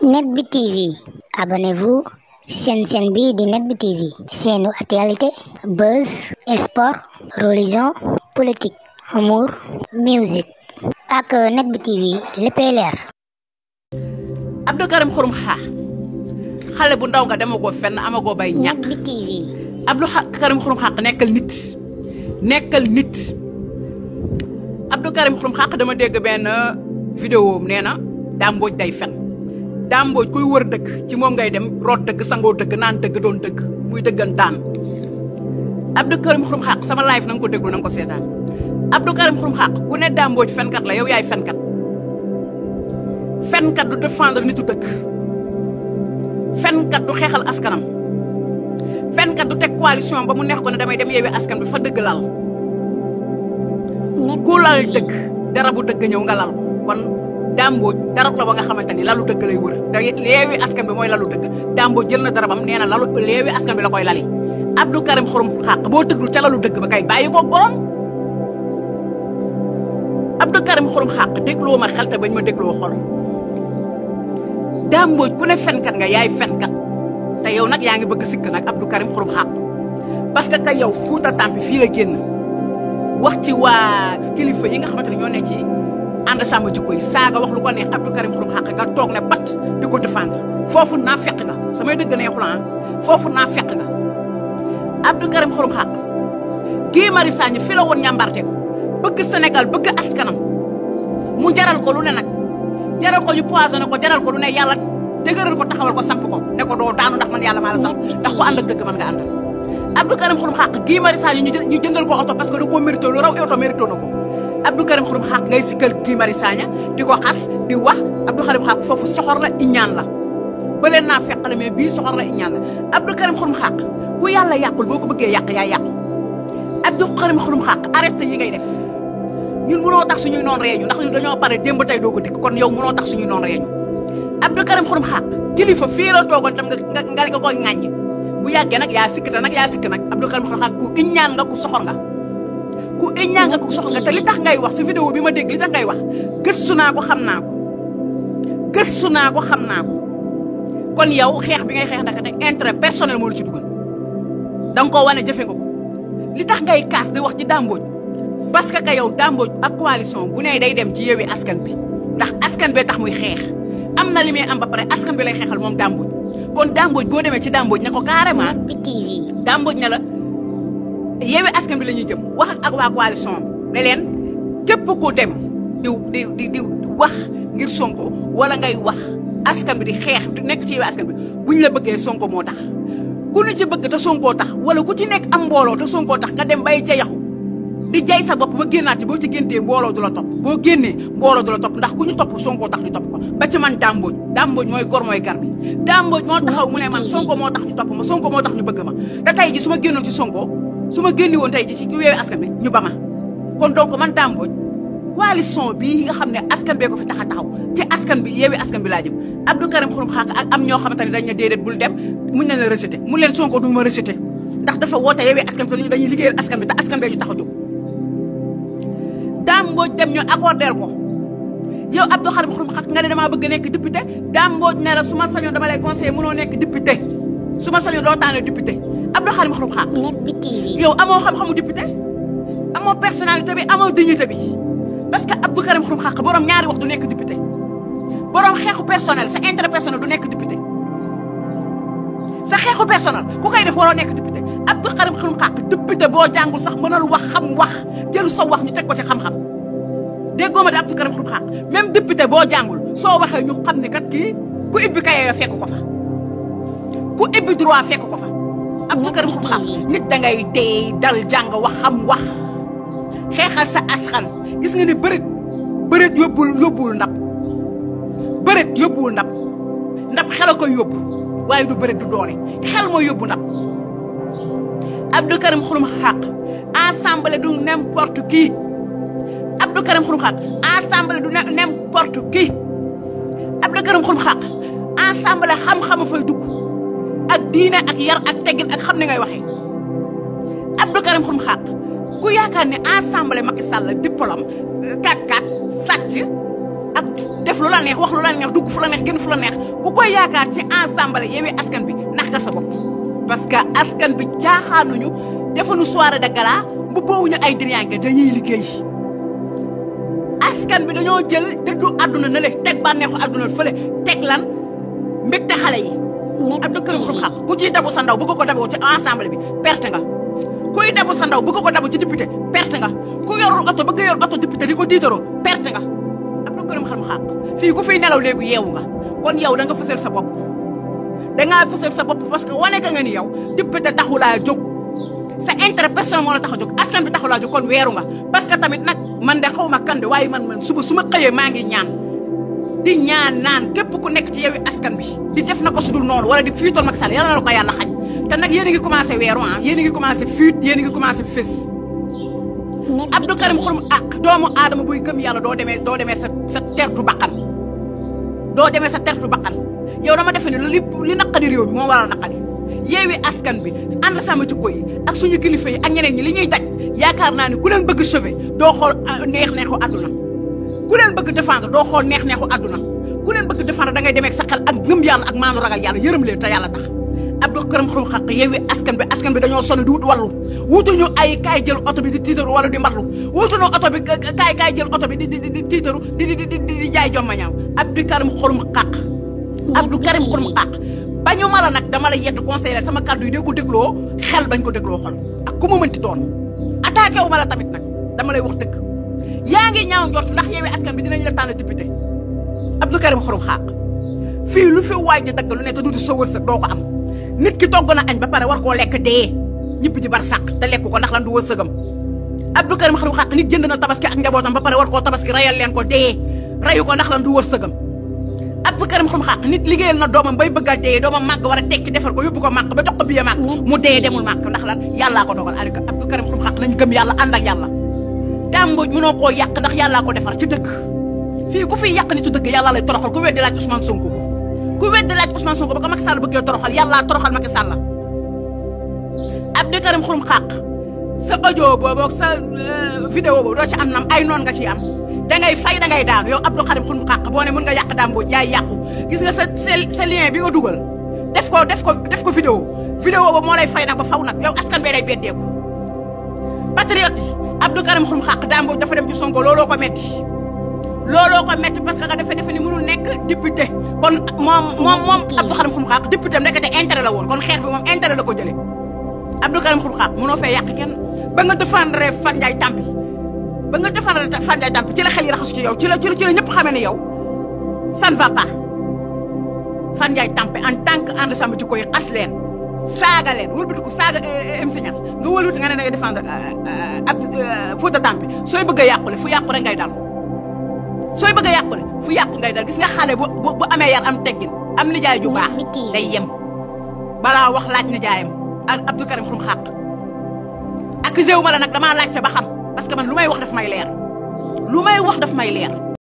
net bi tv abonnez-vous seen seen bi di net bi tv seenu actualité buzz sport religion politique humour musique ak net bi tv léppay leer Abdou Xurum Xaax xale bu ndaw nga demagoo fenn amagoo bay ñàkk net bi tv Abdou Karim Xurum Xaax nekkal nit nekkal nit Abdou Xurum Xaax dama dégg benn vidéo am daa mbooj day fen dàmbooj kuy wër dëkk ci moom ngay dem root dëgg sangoo dëgg naan dëgg doon dëgg muy dëggantaan Abdou Karim Xurum Xaq sama live na nga ko déglu na ko seetaan Abdou Karim Xurum Xaq ku ne dàmbooj fenkat la yow yaay fenkat fenkat du défendre nitu dëkk fenkat du xeexal askanam fenkat du teg coalition ba mu neex ko ne damay dem yeewi askan bi fa dëgg lal ku lal dëgg dara bu dëgg ñëw nga lal ko dàmboo darab la ba nga xamante ni lalu dëgg lay wër leewi askan bi mooy lalu dëgg dàmboo jël na darabam nee na lalu leewi askan bi la koy lali Abdou Karim Xurum Xaq boo tëggul ca lalu dëgg ba kay bàyyi ko borom Abdou Karim Xurum Xaq dégloo ma xel te bañ ma dégloo xol dàmboo ku ne fenkat nga yaay fenkat te yow nag yaa ngi bëgg sikk nag Abdou Karim Xurum Xaq parce que ka yow Fuuta Tampi fii la génn wax ci waa kilifa yi nga xamante ne ñoo ne ànd sàmm jikko yi saaga wax ko neex Abdou Karim Xrum Xax nga toog ne pat di ko défendre foofu naa fekk nga samay dëgg ah. foofu naa fekk nga Abdou Karim Xrum Xax Guy Marius Sagna fi la woon ñàmbarte bëgg Sénégal bëgg askanam mu jaral ko lu ne nag jaral ko ñu poisonné ko jaral ko lu ne yàlla dëgëral ko taxawal ko samp ko ne ko doo daanu ndax man yàlla maa la samp ndax ko dëgg man nga àndal Abdou Karim Xrum Xax Guy Marius Sagna ñu jëndal ko oto parce que da raw Abdou Karim Xurum Xaq ngay sikkal Guy Marius di ko xas di wax Abdou Karim Xaq foofu soxor la ñaan la bële naa fekk na mais bii soxor la iñaan la Abdou Karim Xurum Xaq ku yàlla yàqul boo ko bëggee yàq yaa yàqu Abdou Karim Xurum Xaq arrêté yi ngay def ñun mënoo tax suñuy noon reeñu ndax ñun dañoo pare démb tey ko dikk kon yow mënoo tax suñuy noon reeñu Abdou Karim Xurum Xaq kilifa fii la toogoon tam nga nga nga ko ŋàññ bu yaa sikk te nag yaa sikk nag Abdou Karim Xurum Xaq ku iñaan nga ku iñaan nga ku soxla nga te li tax ngay wax si vidéo bi ma dégg li tax ngay wax gëstu naa ko xam naa ko gëstu naa ko xam naa ko kon yow xeex bi ngay xeex naka ne intérêt personnel moo la ci dugal da nga wane jëfe nga ko li tax ngay kaas di wax ci dàmbooj parce que yow dàmbooj ak coalition bu ne day dem ci yewi askan bi ndax askan bee tax muy xeex am na li am ba pare askan bi lay xeexal moom dàmbooj kon dàmbooj boo demee ci dàmbooj ne ko carrément dàmbooj ne la yeewee askan bi la ñuy jëm wax ak waa coalition ne leen képp ku dem di di di wax ngir sonko wala ngay wax askan bi di xeex di nekk ci yeewee askan bi buñ la bëggee sonko moo tax. ku lu ci bëgg te sonkoo tax wala ku ci nekk am mbooloo te sonkoo tax nga dem bay jayaxu di jay sa bopp ba génnaat ci boo ci géntee mbooloo du la topp boo génnee booloo du a topp ndax ku ñu topp sonkoo tax ñu topp ko ba ci man dàmbooj dàmbooj mooy gor mooy gar mi dàmbooj moo taxaw mu ne man sonko moo tax ñu ma sonko moo tax ñu bëgg ma te tey su ma génnoon ci sonkoo su ma génni woon tey ji ci Yewwi Askan Wi ñu ba kon kon ko man Dame Mbodj coalition bii nga xam ne askan bee ko fi tax a taxaw ci askan bi Yewwi Askan bi laa jëm Abdou Karim Xrum Xax ak am ñoo xamante ne dañ ne déedéet bul dem muñ na la mu leen Sonko du ma rejeté ndax dafa woote Yewwi Askan dañuy liggéeyal askan bi te askan bee ñu tax a jóg Dame Mbodj dem ñu accordeel ko yow Abdou Karim Xrum Xax nga ne damaa bëgg nekk député Dame Mbodj ne la su ma sañoon dama lay conseillé mënoo nekk député su ma sañoon doo taane député Abdou Karim Xrum Xax yow amoo xam-xamu député amoo personnalité bi amoo dignité bi parce que Abdou Karim Xrum Xax borom ñaari wax du nekk député borom xeexu personnel sa intérêt personnel du nekk député sa xeexu personnel ku koy def waroo nekk député Abdou Karim Xrum Xax député boo jàngul sax mënal wax xam wax jëlu sa wax ñu teg ko ci xam-xam déggoo ma de Abdou Karim Xrum Xax même député boo jàngul soo waxee ñu xam ne kat kii ku ibbi kaye fekk ko fa ku ibbi Abdou Karim Xrum Xax nit da ngay tey dal jàng wax xam wax xeexal sa askan gis nga ne bëreet bëreet yóbbul yóbbul ndab bëreet yóbbul ndab ndab xel a koy yóbbu waaye du bëreet du doole xel moo yóbbu ndab Abdou Karim Xrum Xax assemblée du n'importe qui Abdou Karim Xrum Xax assemblée du n'importe qui Abdou Karim Xrum Xax assemblée xam-xama fay dugg ak diine ak yar ak teggin ak xam ne ngay waxee Abdou Karim Xrum Xax ku yaakaar ne assemblée Macky Sall diplôme 4-4 sàcc ak def lu la wax lu la dugg fu la neex gën fu la neex ku koy yaakaar ci assemblée Yewwi Askan Wi nax nga parce que askan bi caaxaanuñu defuñu soirée de gala bu boowuñu ay diriyanke dañuy liggéey askan bi dañoo jël dëddu àdduna na le teg bànneexu àdduna fële teg lan mbégte xale yi. ak dëkkër bu xam ku ciy dabu sa ndaw bëgg ko daboo ci ensemble bi perte nga kuy dabu sa ndaw bëgg ko dabu ci député perte nga ku yorul oto bëgg yor oto député di ko diitaroo perte nga ak dëkkëram xam xaq fii ku fiy nelaw léegi yeewu nga kon yow da nga fësal sa bopp dangaa fësal sa bopp parce que wane ka nga ni yow député jóg sa intérêt personne moo la tax a jóg askan bi taxulaa jóg kon weeru nga parce que tamit nag man de xaw ma kan waaye man man suba su ma xëyee maa ngi ñaan di ñaan naan képp ku nekk ci Yewwi Askan bi di def na ko sudul noonu wala di fiital Macky Sall yàlla na la ko yàlla xañ te nag yéen a ngi commencé weeru ah yéen a ngi commencé fuite yéen a ngi commencé ak ah, doomu aadama buy gëm yàlla doo demee doo demee sa sa tertu bakkan doo demee sa tertu bakkan yow dama defe ne li li naqadi réew mi moo waral naqadi Askan bi ànd sama jikko yi ak suñu kilifa yi ak ñeneen ñi li ñuy daj yaakaar naa ne ku leen bëgg sauver doo xool ah, neex ku leen bëgg défendre doo xool neex-neexu àdduna ku leen bëgg défendre dangay demee sa xel ak ngëm yàlla ak maanu ragal yàlla yërëm leen te yàlla tax Abdou Karim Xrum Xax yeewi askan bi askan bi dañoo sonn di wut wàllu wutuñu ay kaay jël oto bi di tiitaru wala di mballu wutuñu oto bi kaay kaay jël oto bi di di di tiitaru di di di di jaay jomma ñaaw Abdou Karim Xrum Xax Abdou Karim Xrum Xax bañu ma la nag dama la yedd conseil la sama kàddu yi dee ko dégloo xel bañ ko dégloo xol ak ku ma mënti doon attaqué wu ma la tamit nag dama lay wax dëgg yaa ngi ñaaw njort ndax yeewee askan bi dinañ la tànn député Abdou Karim Xrum Xax fii lu fi waay di dagg lu ne te du sa wërsëg doo ko am nit ki togg na añ ba pare war koo lekk dee ñibbi ji bar sàq te lekk ko ndax lan du wërsëgam Abdou Karim Xrum Xax nit jënd na tabaski ak njabootam ba pare war koo tabaski rayal leen ko dee rayu ko ndax lan du wërsëgam Abdou Karim Xrum Xax nit liggéeyal na doomam bay bëgg a dee doomam màgg war a tekki defar ko yóbbu ko màgg ba jox ko yàlla ànd ak yàlla Dame Mbodj mënoo koo yàq ndax yàllaa ko defar ci dëkk fii ku fi yàq nitu dëgg yàllaa lay toroxal ku weddi laaj Ousmane Sonko ku weddi laaj Ousmane Sonko ba ko Macky Sall bëggee toroxal yàllaa toroxal Macky Sall Abdou Karim Xurum Xaq sa audio boobu ak sa euh, vidéo boobu doo ci am nam ay noon nga ciy am dangay fay dangay daanu yow Abdou Karim Xurum Xaq boo ne mën nga yàq Dame Mbodj yaay yàqu gis nga sa sa lien bi nga dugal def ko def ko def ko vidéo vidéo boobu moo lay fay nag ba faw Abdou Karim Xrum Xax Dame dafa dem ci Sonko looloo ko metti looloo ko metti parce que nga defe defe ni mënul nekk député kon moom moom moom Abdou Karim Xrum Xax député am nekkate intérêt la woon kon xeex bi moom intérêt la ko jëlee Abdou Karim Xrum Xax mënoo fee yàq kenn ba nga défendre Fat Ndiaye Tampi ba nga défendre Fat Ndiaye Tampi ci la xel yi raxasu ci yow ci la ci la ci la ñëpp xamee ne yow ça ne va pas Fat Ndiaye Tampi en tant que saaga leen wëlbati ko saaga eh, eh, MC Niass nga wëlbati nga ne dangay défendre eh, ab Fouta Tampi sooy bëgg a yàqule fu yàqu ngay dal sooy bëgg a yàqule fu yàqu ngay dal gis nga xale bu amee yar am teggin am nijaay ju baax day yem balaa wax laaj nijaayam ak Abdou Karim xurum xàq accusé wu ma la nag damaa laajte ba xam parce que man lu may wax daf may leer lu may wax daf may leer